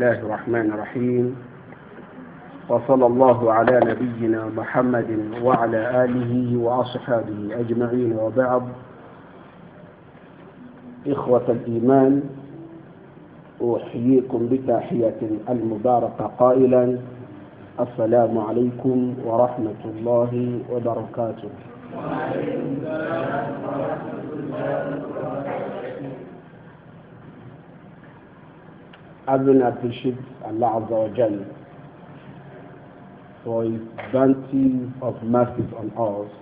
الله الرحمن الرحيم وصلى الله على نبينا محمد وعلى آله وأصحابه أجمعين وبعض إخوة الإيمان أحييكم بتحية المباركة قائلا السلام عليكم ورحمة الله وبركاته وعليكم السلام ورحمة الله وبركاته I having appreciate Allah Azza wa Jal for His bounty of mercy on us,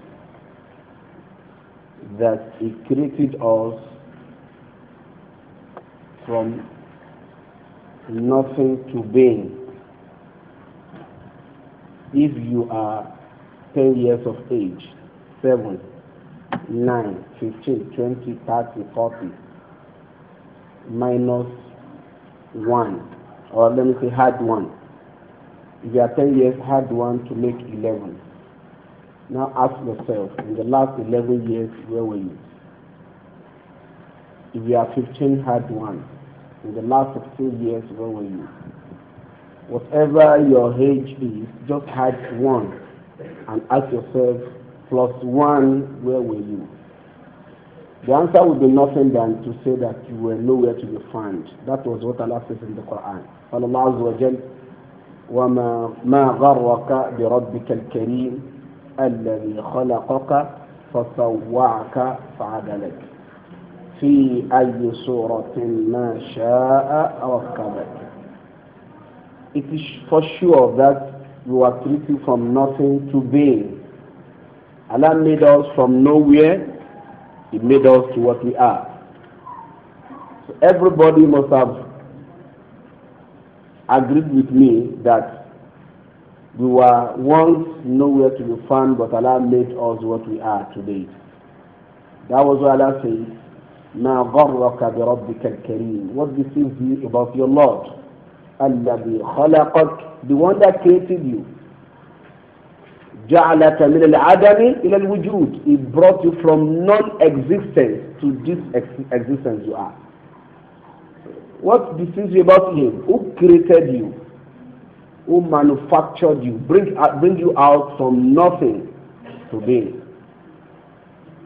that He created us from nothing to being. If you are 10 years of age, 7, 9, 15, 20, 30, 40, minus one, or let me say had one. If you are 10 years, had one to make 11. Now ask yourself, in the last 11 years, where were you? If you are 15, had one. In the last 15 years, where were you? Whatever your age is, just had one and ask yourself, plus one, where were you? The answer would be nothing than to say that you were nowhere to be found. That was what Allah says in the Quran. قال الله عز وجل وما ما غرك بربك الكريم الذي خلقك فسواك فعدلك في أي سورة ما شاء ركبك It is for sure that you are created from nothing to being. Allah made us from nowhere he made us to what we are. So everybody must have agreed with me that we were once nowhere to be found, but Allah made us what we are today. That was what Allah said. ما غرك بربك الكريم What deceives you about your Lord? الذي خلقك The one that created you جَعَلَكَ مِنَ الْعَدَمِ إِلَى wujud. He brought you from non-existence to this ex existence you are. What deceives you about Him? Who created you? Who manufactured you? Bring, uh, bring you out from nothing to being.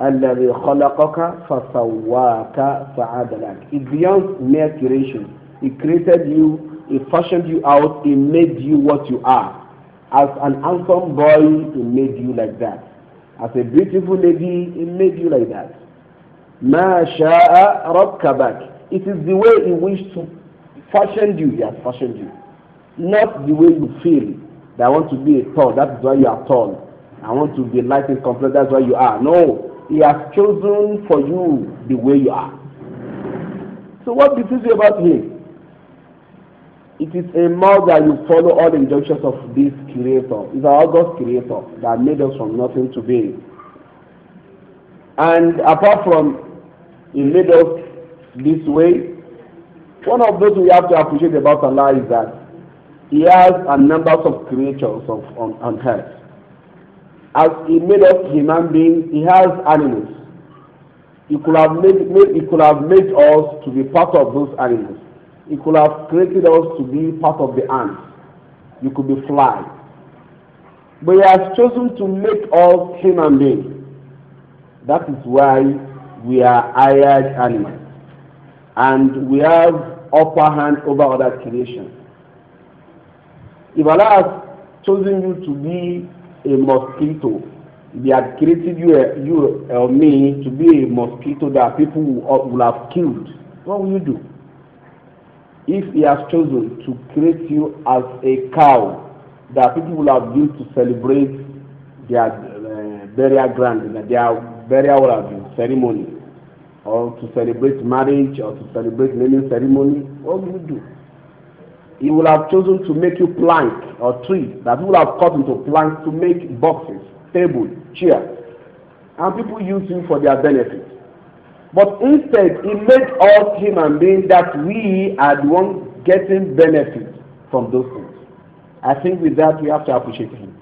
الَّذِي خَلَقَكَ فَسَوَّاكَ فَعَدَلَكَ It beyond mere creation. He created you, He fashioned you out, He made you what you are. As an handsome boy, he made you like that. As a beautiful lady, he made you like that. Ma sha'a rakkabak. It is the way he wished to fashion you, he has fashioned you. Not the way you feel that I want to be a tall, that is why you are tall. I want to be light and complete, is why you are. No, he has chosen for you the way you are. So what befits you about him? It is a must that you follow all the injunctions of this creator. is our God's creator that made us from nothing to be. And apart from He made us this way, one of those we have to appreciate about Allah is that He has a number of creatures of, on, on earth. As He made us human beings, He has animals. He could have made, made, he could have made us to be part of those animals He could have created us to be part of the ants. You could be fly. But He has chosen to make us human beings. That is why we are hired animals. And we have upper hand over other creation. If Allah has chosen you to be a mosquito, they had created you, eh, you eh, or me to be a mosquito that people will have killed, what will you do? if he has chosen to create you as a cow that people will have used to celebrate their uh, burial ground, their burial will have been ceremony, or to celebrate marriage, or to celebrate naming ceremony, what will you do? He will have chosen to make you plank or tree that people have cut into plank to make boxes, table, chair, and people use you for their benefit. But instead, He made us human beings that we are the ones getting benefit from those things. I think with that, we have to appreciate Him.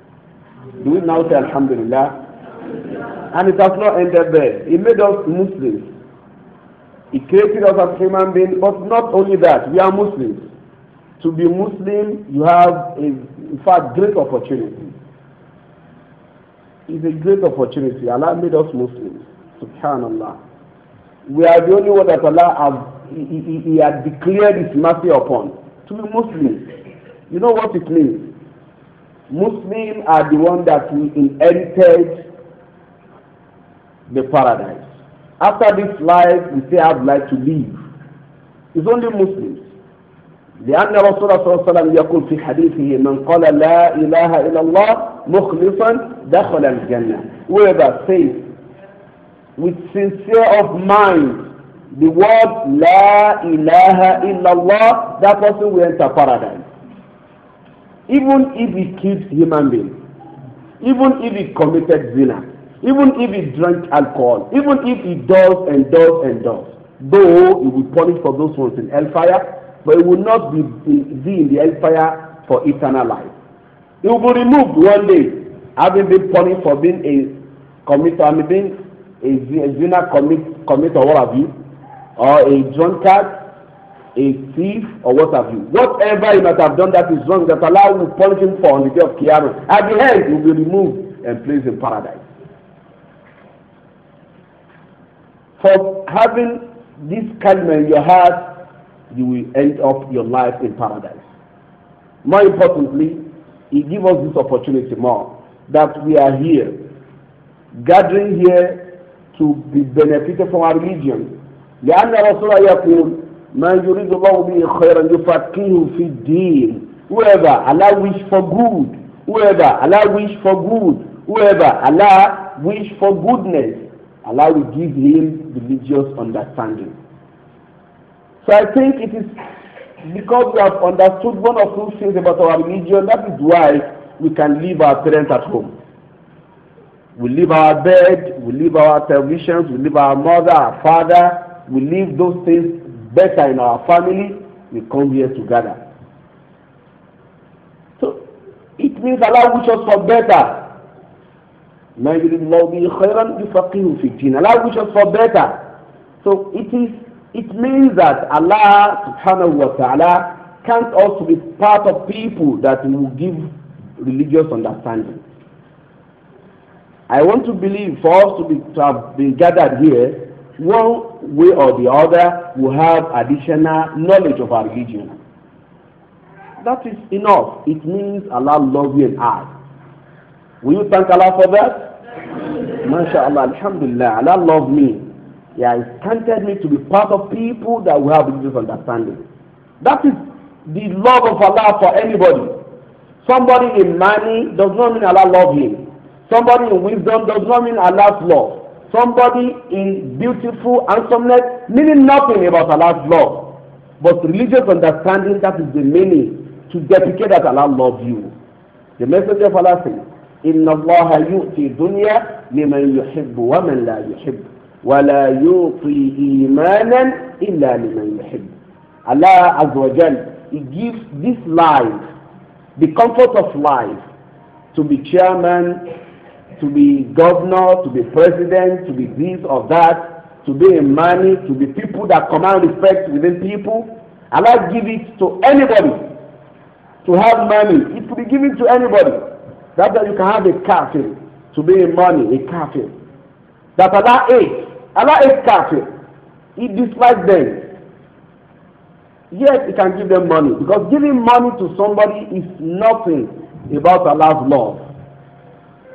Do we now say Alhamdulillah? And it has not ended there. He made us Muslims. He created us as human beings, but not only that, we are Muslims. To be Muslim, you have, a, in fact, great opportunity. It's a great opportunity. Allah made us Muslims. Subhanallah we are the only one that Allah have he, he, he had declared his mercy upon to be Muslim. You know what it means? Muslims are the one that we inherited the paradise. After this life, we still have life to live. It's only Muslims. لأن رسول الله صلى الله عليه وسلم يقول في حديثه من قال لا إله إلا الله مخلصا دخل الجنة. Whoever says with sincere of mind the word La ilaha illallah, that person will enter paradise. Even if he kills human being, even if he committed zina, even if he drank alcohol, even if he does and does and does, though he will punish for those ones in hellfire, but he will not be, be in the hellfire for eternal life. He will be removed one day, having been punished for being a committer, I mean, being a, a commit, commit or what have you, or a drunkard, a thief, or what have you. Whatever he might have done that is wrong, that Allah will punish him for on the day of Qiyamah. At the end, he will be removed and placed in paradise. For having this kalma in your heart, you will end up your life in paradise. More importantly, He gives us this opportunity more that we are here, gathering here to be benefited from our religion. لأن رسول الله يقول من يريد الله به خيرا يفقهه في الدين whoever Allah wish for good whoever Allah wish for good whoever Allah wish for goodness Allah will give him religious understanding. So I think it is because we have understood one of two things about our religion that is why we can leave our parents at home. We leave our bed, we leave our televisions, we leave our mother, our father, we leave those things better in our family, we come here together. So it means Allah wishes for better. ما يريد الله به خيرا يفقهه في الدين. Allah wishes for better. So it is it means that Allah subhanahu wa ta'ala counts us be part of people that will give religious understanding. I want to believe for us to be to have been gathered here, one way or the other we have additional knowledge of our religion. That is enough. It means Allah loves you and I. Will you thank Allah for that? MashaAllah, Alhamdulillah, Allah loves me. Yeah, He counted me to be part of people that will have religious understanding. That is the love of Allah for anybody. Somebody in money does not mean Allah loves him. Somebody in wisdom does not mean Allah's law. Somebody in beautiful handsomeness meaning nothing about Allah's law. But religious understanding, that is the meaning, to dedicate that Allah loves you. The messenger of Allah says, إن الله يؤتي الدنيا لمن يحب ومن لا يحب ولا يعطي إيمانا إلا لمن يحب Allah Azza wa He gives this life the comfort of life to be chairman to be governor, to be president, to be this or that, to be a money, to be people that command respect within people. Allah give it to anybody. To have money, it could be given to anybody. That's that you can have a kafir. To be a money, a kafir. That Allah hates. Allah hates kafir. He dislikes them. Yes, he can give them money. Because giving money to somebody is nothing about Allah's love.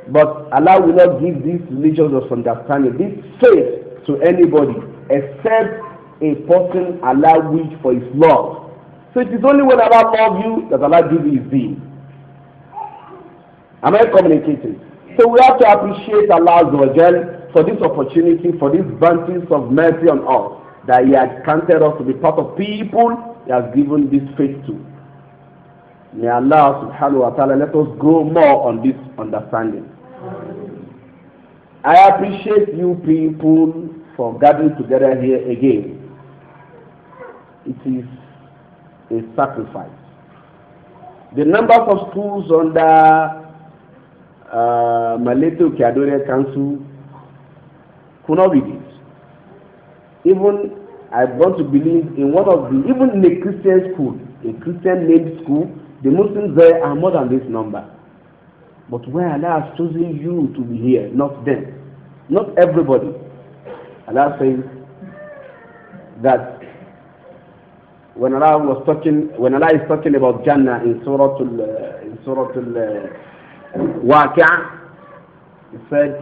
But Allah will not give these religions of understanding, this faith to anybody except a person Allah wish for his love. So it is only when Allah loves you that Allah gives you his deen. Am I communicating? So we have to appreciate Allah Azawajal for this opportunity, for this bounties of mercy on us, that He has counted us to be part of people He has given this faith to. May Allah subhanahu wa ta'ala let us grow more on this understanding. I appreciate you people for gathering together here again. It is a sacrifice. The number of schools under uh, Maleto Kiadore Council could not be this. Even I want to believe in one of the, even in a Christian school, a Christian named school, The Muslims there are more than this number. But where Allah has chosen you to be here, not them, not everybody. Allah says that when Allah was talking, when Allah is talking about Jannah in Surah al, uh, in Surah al uh, Waqi'ah, He said,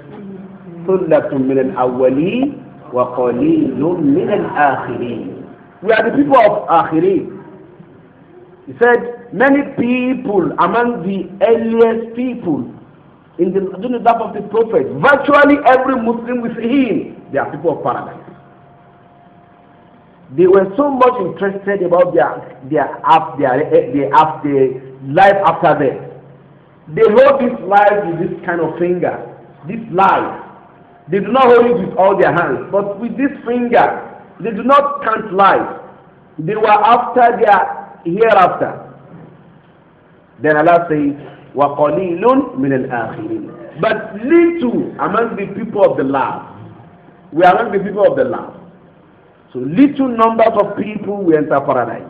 "Sullatun min al-awwalin wa qalilun min al-akhirin." We are the people of Akhirin. He said many people among the earliest people in the during that of the prophet virtually every muslim with him they are people of paradise they were so much interested about their their up their eh, their up their life after death they hold this life with this kind of finger this life they do not hold it with all their hands but with this finger they do not count life they were after their hereafter Then Allah says, وَقَلِيلٌ مِنَ الْآخِرِينَ But little among the people of the land, We are among the people of the land. So little numbers of people will enter paradise.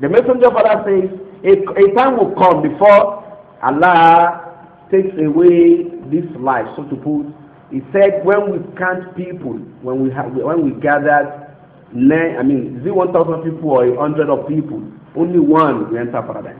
The Messenger of Allah says, a, a time will come before Allah takes away this life, so to put. He said, when we count people, when we have, when we gathered, nine, I mean, is it 1,000 people or 100 of people? Only one will enter paradise.